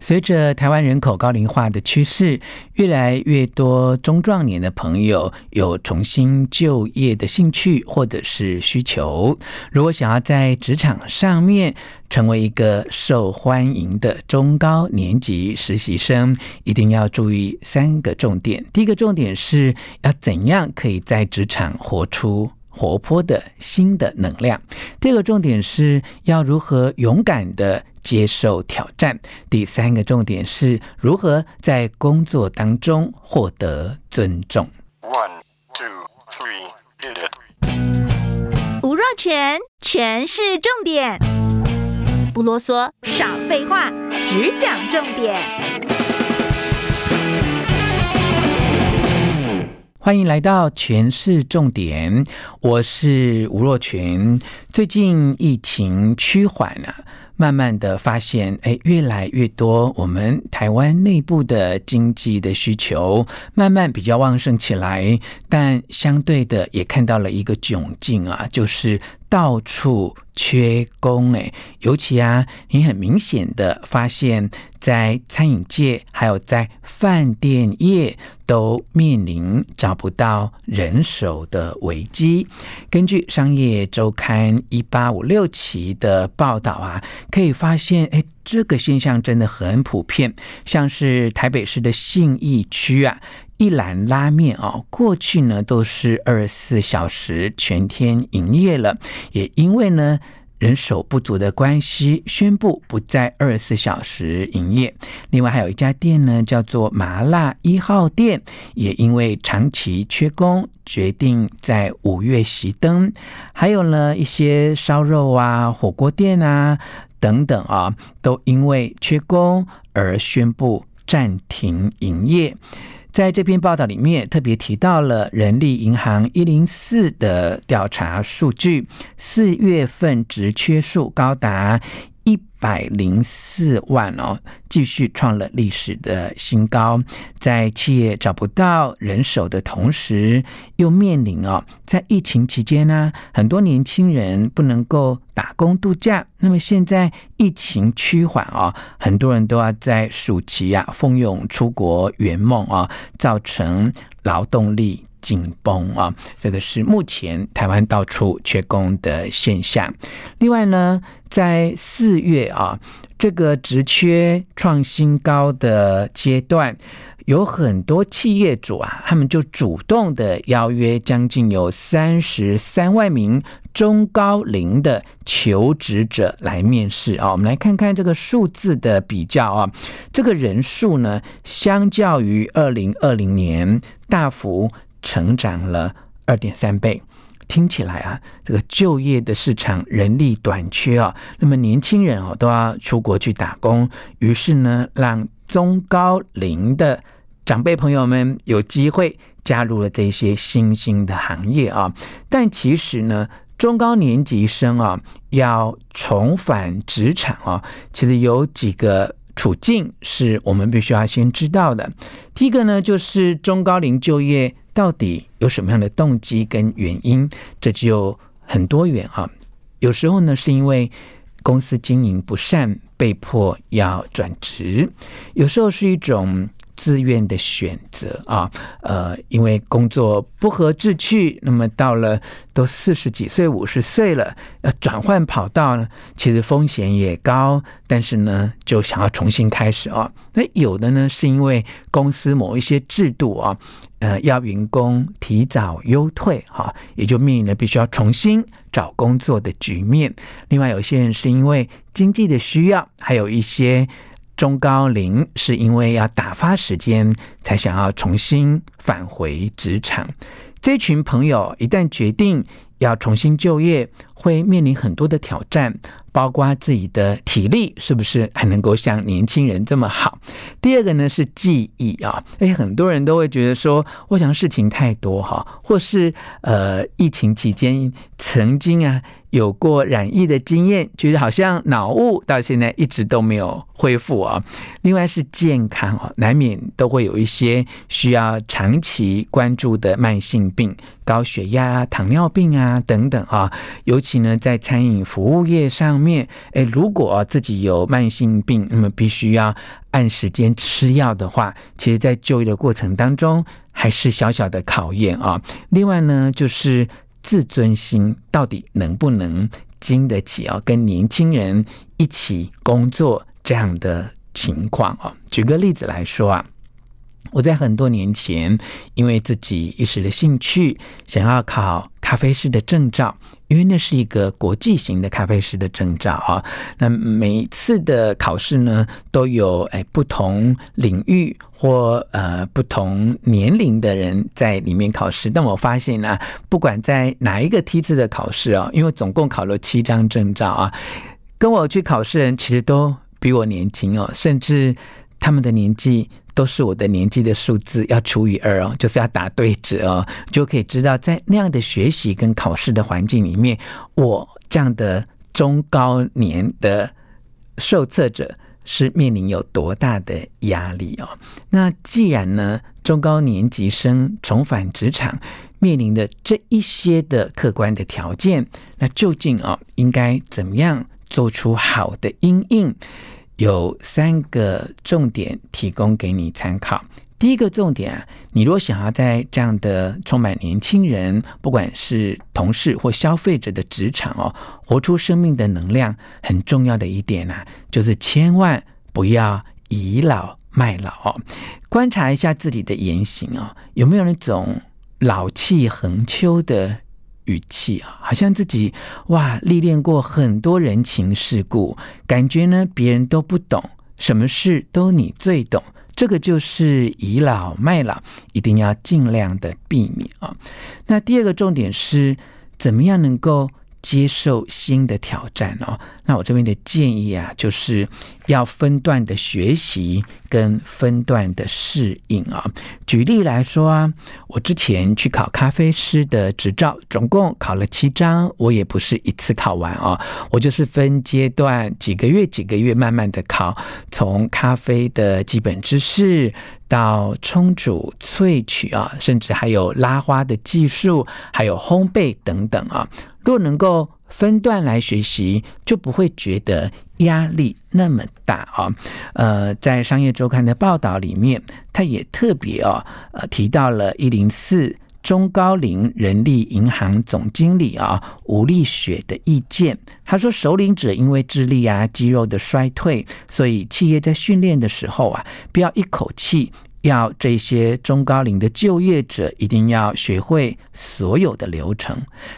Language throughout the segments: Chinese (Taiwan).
隨着台灣人口高齡化的趨勢，越來越多中壯年的朋友有重新就業的興趣或者是需求。如果想要在職場上面成為一個受歡迎的中高年級實習生，一定要注意三個重點。第一個重點是要怎樣可以在職場活出。活潑的新的能量。第二個重點是要如何勇敢的接受挑戰。第三個重點是如何在工作當中獲得尊重。One two three, get it。吳若權，權是重點，不囉嗦，少廢話，只講重點。歡迎來到《權式重點》，我是吳若權。最近疫情趨緩啊，慢慢的發現，哎，越來越多我們台灣內部的經濟的需求，慢慢比較旺盛起來，但相對的也看到了一個窘境啊，就是。到處缺工，哎，尤其啊，你很明顯的發現，在餐飲界還有在飯店業都面臨找不到人手的危機。根據《商業週刊》一八五六期的報道啊，可以發現，哎，這個現象真的很普遍，像是台北市的信義區啊。一蘭拉麵哦，過去呢都是二十四小時全天營業了，也因為呢人手不足的關係，宣布不再二十四小時營業。另外還有一家店呢，叫做麻辣一號店，也因為長期缺工，決定在五月熄燈。還有呢一些燒肉啊、火鍋店啊等等啊，都因為缺工而宣布暫停營業。在這篇報道裡面，特別提到了人力銀行一零四的調查數據，四月份職缺數高達。一百零四萬哦，繼續創了歷史的新高。在企業找不到人手的同時，又面臨哦，在疫情期間呢，很多年輕人不能夠打工度假。那麼現在疫情趨緩哦，很多人都要在暑期啊蜂擁出國圓夢啊、哦，造成勞動力。緊繃啊，這個是目前台灣到處缺工的現象。另外呢，在四月啊，這個職缺創新高的階段，有很多企業主啊，他們就主動的邀約將近有三十三萬名中高齡的求職者來面試啊。我們來看看這個數字的比較啊，這個人數呢，相較於二零二零年大幅。成長了二點三倍，聽起來啊，這個就業的市場人力短缺啊、哦，那麼年輕人哦都要出國去打工，於是呢，讓中高齡的長輩朋友們有機會加入了這些新興的行業啊。但其實呢，中高年級生啊要重返職場啊，其實有幾個處境是我們必須要先知道的。第一個呢，就是中高齡就業。到底有什麼樣的動機跟原因？這就很多元哈、啊。有時候呢，是因為公司經營不善，被迫要轉職。有時候是一種。自願的選擇啊，呃，因為工作不合志趣，那麼到了都四十幾歲、五十歲了，要轉換跑道呢，其實風險也高，但是呢，就想要重新開始哦、啊。那有的呢，是因為公司某一些制度啊，呃，要員工提早優退哈、啊，也就面臨了必須要重新找工作的局面。另外，有些人是因為經濟的需要，還有一些。中高齡是因為要打發時間，才想要重新返回職場。這群朋友一旦決定要重新就業，會面臨很多的挑戰，包括自己的體力是不是還能夠像年輕人這麼好。第二個呢是記憶啊，誒，很多人都會覺得說，我想事情太多哈，或是呃，疫情期間曾經啊。有過染疫的經驗，覺得好像腦霧到現在一直都沒有恢復啊。另外是健康哦，難免都會有一些需要長期關注的慢性病，高血壓、糖尿病啊等等啊。尤其呢，在餐飲服務業上面，欸，如果自己有慢性病，那麼必須要按時間吃藥的話，其實在就業的過程當中還是小小的考驗啊。另外呢，就是。自尊心到底能不能經得起啊、哦？跟年輕人一起工作這樣的情況啊、哦？舉個例子來說啊。我在很多年前，因為自己一時的興趣，想要考咖啡師的證照，因為那是一個國際型的咖啡師的證照啊。那每次的考試呢，都有誒、哎、不同領域或呃不同年齡的人在裡面考試。但我發現呢、啊，不管在哪一個梯次的考試哦，因為總共考了七張證照啊，跟我去考試的人其實都比我年輕哦，甚至他們的年紀。都是我的年紀的數字要除以二哦，就是要打對折哦，就可以知道在那樣的學習跟考試的環境裡面，我這樣的中高年的受測者是面臨有多大的壓力哦。那既然呢，中高年級生重返職場面臨的這一些的客觀的條件，那究竟哦應該怎麼樣做出好的因應？有三個重點提供給你參考。第一個重點啊，你如果想要在這樣的充滿年輕人，不管是同事或消費者的職場哦，活出生命的能量，很重要的一點吶、啊，就是千萬不要倚老賣老哦。觀察一下自己的言行哦，有沒有那種老氣橫秋的。語氣啊，好像自己哇歷練過很多人情世故。感覺呢，別人都不懂，什麼事都你最懂，這個就是倚老賣老，一定要盡量的避免啊。那第二個重點是，怎麼樣能夠接受新的挑戰哦？那我這邊的建議啊，就是要分段的學習跟分段的適應啊。舉例來說啊，我之前去考咖啡師的執照，總共考了七張，我也不是一次考完啊，我就是分階段幾個月、幾個月慢慢的考，從咖啡的基本知識到沖煮、萃取啊，甚至還有拉花的技術，還有烘焙等等啊。若能夠分段來學習，就不會覺得壓力那麼大啊、哦。呃，在商業周刊的報道裡面，他也特別、哦、呃提到了一零四中高齡人力銀行總經理啊吳麗雪的意見。他說，熟齡者因為智力啊肌肉的衰退，所以企業在訓練的時候啊，不要一口氣。要這些中高齡的就業者一定要學會所有的流程。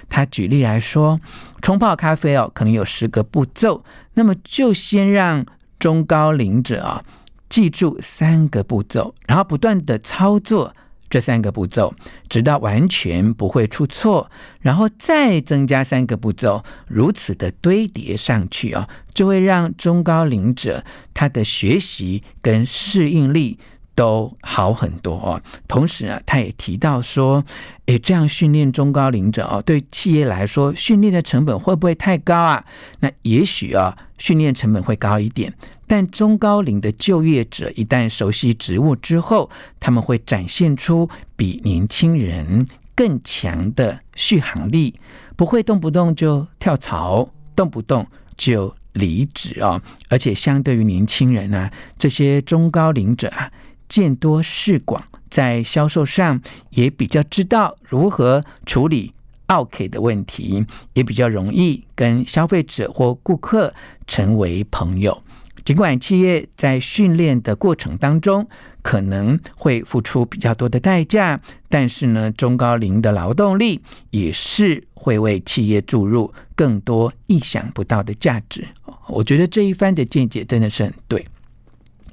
他舉例來說，沖泡咖啡哦，可能有十個步驟，那麼就先讓中高齡者啊、哦、記住三個步驟，然後不斷的操作這三個步驟，直到完全不會出錯，然後再增加三個步驟，如此的堆疊上去哦，就會讓中高齡者他的學習跟適應力。都好很多哦。同時啊，他也提到說，誒，這樣訓練中高齡者哦，對企業來說，訓練的成本會不會太高啊？那也許啊，訓練成本會高一點。但中高齡的就業者一旦熟悉職務之後，他們會展現出比年輕人更強的續航力，不會動不動就跳槽，動不動就離職哦。而且相對於年輕人呢、啊，這些中高齡者啊。見多識廣，在銷售上也比較知道如何處理奧客的問題，也比較容易跟消費者或顧客成為朋友。儘管企業在訓練的過程當中可能會付出比較多的代價，但是呢，中高齡的勞動力也是會為企業注入更多意想不到的價值。我覺得這一番的見解真的是很對。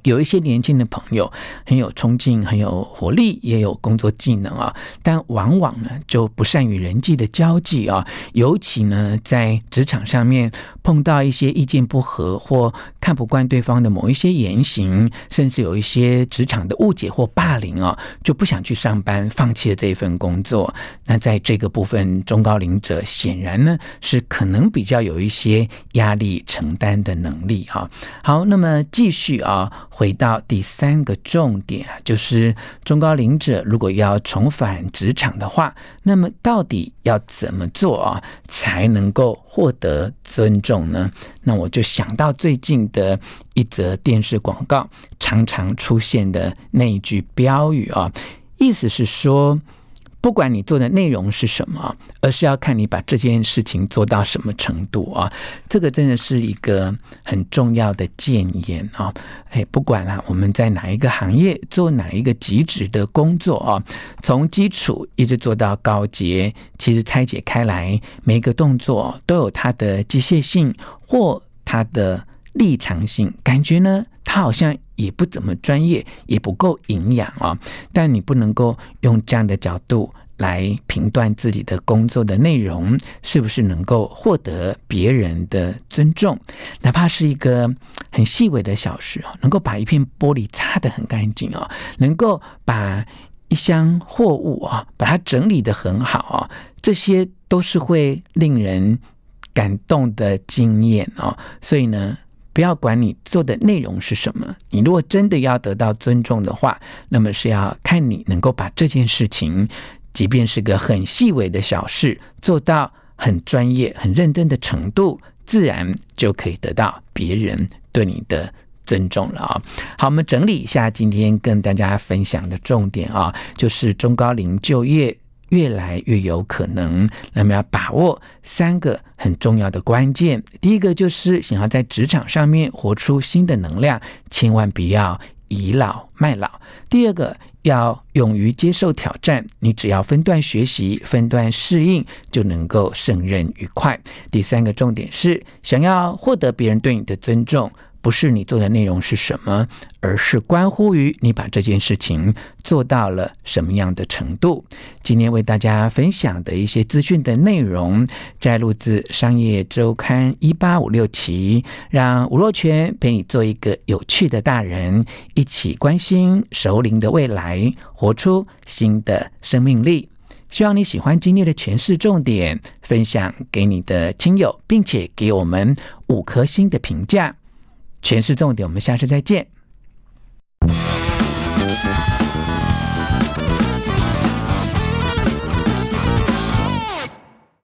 有一些年輕的朋友很有衝勁、很有活力，也有工作技能啊、哦，但往往呢就不善於人際的交際啊、哦，尤其呢在職場上面碰到一些意見不合或看不慣對方的某一些言行，甚至有一些職場的誤解或霸凌啊、哦，就不想去上班，放棄了這一份工作。那在這個部分，中高齡者顯然呢是可能比較有一些壓力承擔的能力哈、哦。好，那麼繼續啊、哦。回到第三個重點啊，就是中高齡者如果要重返職場的話，那麼到底要怎麼做啊、哦，才能夠獲得尊重呢？那我就想到最近的一則電視廣告常常出現的那一句標語啊、哦，意思是說，不管你做的內容是什麼，而是要看你把這件事情做到什麼程度啊！這個真的是一個很重要的建言啊！哎，不管啦、啊，我們在哪一個行業做哪一個極致的工作啊，從基礎一直做到高階，其實拆解開來，每一個動作都有它的機械性或它的。立場性，感覺呢，他好像也不怎麼專業，也不夠營養啊、哦。但你不能夠用這樣的角度來評斷自己的工作的內容，是不是能夠獲得別人的尊重。哪怕是一個很細微的小事哦，能夠把一片玻璃擦得很乾淨哦，能夠把一箱貨物啊、哦、把它整理得很好哦，這些都是會令人感動的經驗哦。所以呢。不要管你做的內容是什麼，你如果真的要得到尊重的話，那麼是要看你能夠把這件事情，即便是個很細微的小事，做到很專業、很認真的程度，自然就可以得到別人對你的尊重了啊。好，我們整理一下今天跟大家分享的重點啊，就是中高齡就業。越來越有可能，那麼要把握三個很重要的關鍵。第一個就是想要在職場上面活出新的能量，千萬不要倚老賣老。第二個要勇於接受挑戰，你只要分段學習、分段適應，就能夠勝任愉快。第三個重點是想要獲得別人對你的尊重。不是你做的內容是什麼，而是關乎於你把這件事情做到了什麼樣的程度。今天為大家分享的一些資訊的內容，摘録自《商業週刊》一八五六期，讓吳若權陪你做一個有趣的大人，一起關心熟齡的未來，活出新的生命力。希望你喜歡今天的權式重點，分享給你的親友，並且給我們五顆星的評價。權式重點，我們下次再見。